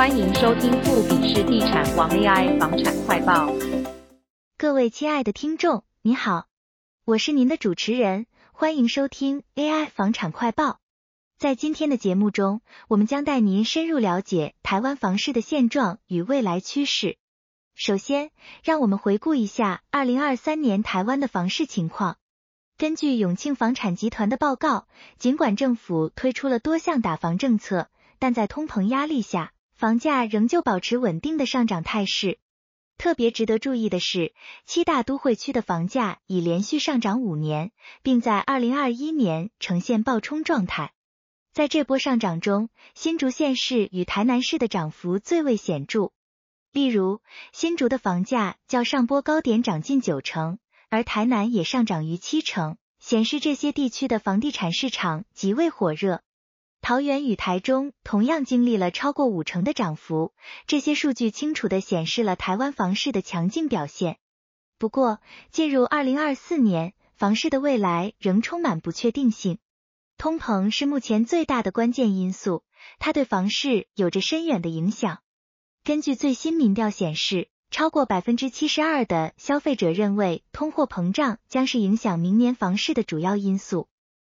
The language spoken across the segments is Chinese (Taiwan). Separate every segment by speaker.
Speaker 1: 歡迎收聽富比士地產王 AI 房產快報。各位親愛的聽眾，你好，我是您的主持人，歡迎收聽 AI 房產快報。在今天的節目中，我們將帶您深入了解台灣房市的現狀與未來趨勢。首先，讓我們回顧一下二零二三年台灣的房市情況。根據永慶房產集團的報告，儘管政府推出了多項打房政策，但在通膨壓力下，房價仍舊保持穩定的上漲態勢。特別值得注意的是，七大都會區的房價已連續上漲五年，並在二零二一年呈現爆衝狀態。在這波上漲中，新竹縣市與台南市的漲幅最為顯著。例如，新竹的房價較上波高點漲近九成，而台南也上漲逾七成，顯示這些地區的房地產市場極為火熱。桃園與台中同樣經歷了超過五成的漲幅，這些數據清楚地顯示了台灣房市的強勁表現。不過，進入二零二四年，房市的未來仍充滿不確定性。通膨是目前最大的關鍵因素，它對房市有着深遠的影響。根據最新民調顯示，超過百分之七十二的消費者認為通貨膨脹將是影響明年房市的主要因素。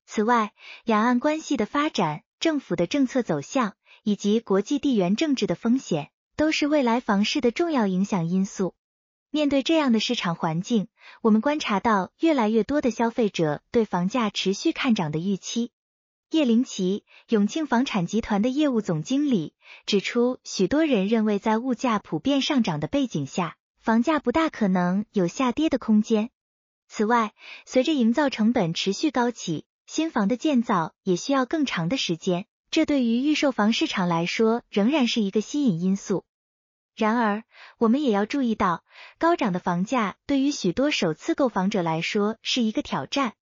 Speaker 1: 此外，兩岸關係的發展。政府的政策走向以及國際地緣政治的風險，都是未來房市的重要影響因素。面對這樣的市場環境，我們觀察到越來越多的消費者對房價持續看漲的預期。葉靈奇，永慶房產集團的業務總經理指出，許多人認為在物價普遍上漲的背景下，房價不大可能有下跌的空間。此外，隨着營造成本持續高企，新房的建造也需要更長的時間，這對於預售房市場來說仍然是一個吸引因素。然而，我們也要注意到，高漲的房價對於許多首次購房者來說是一個挑戰。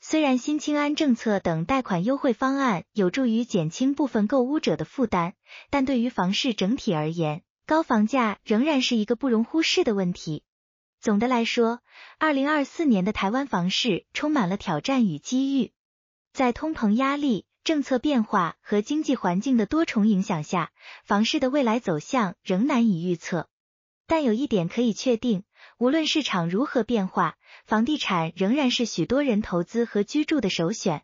Speaker 1: 雖然新青安政策等貸款優惠方案有助於減輕部分購屋者的負擔，但對於房市整體而言，高房價仍然是一個不容忽視的問題。總的來說，二零二四年的台灣房市充滿了挑戰與機遇。在通膨壓力、政策變化和經濟環境的多重影響下，房市的未來走向仍難以預測。但有一點可以確定，無論市場如何變化，房地產仍然是許多人投資和居住的首選。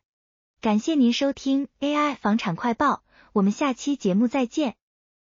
Speaker 1: 感謝您收聽 AI 房產快報，我們下期節目再見。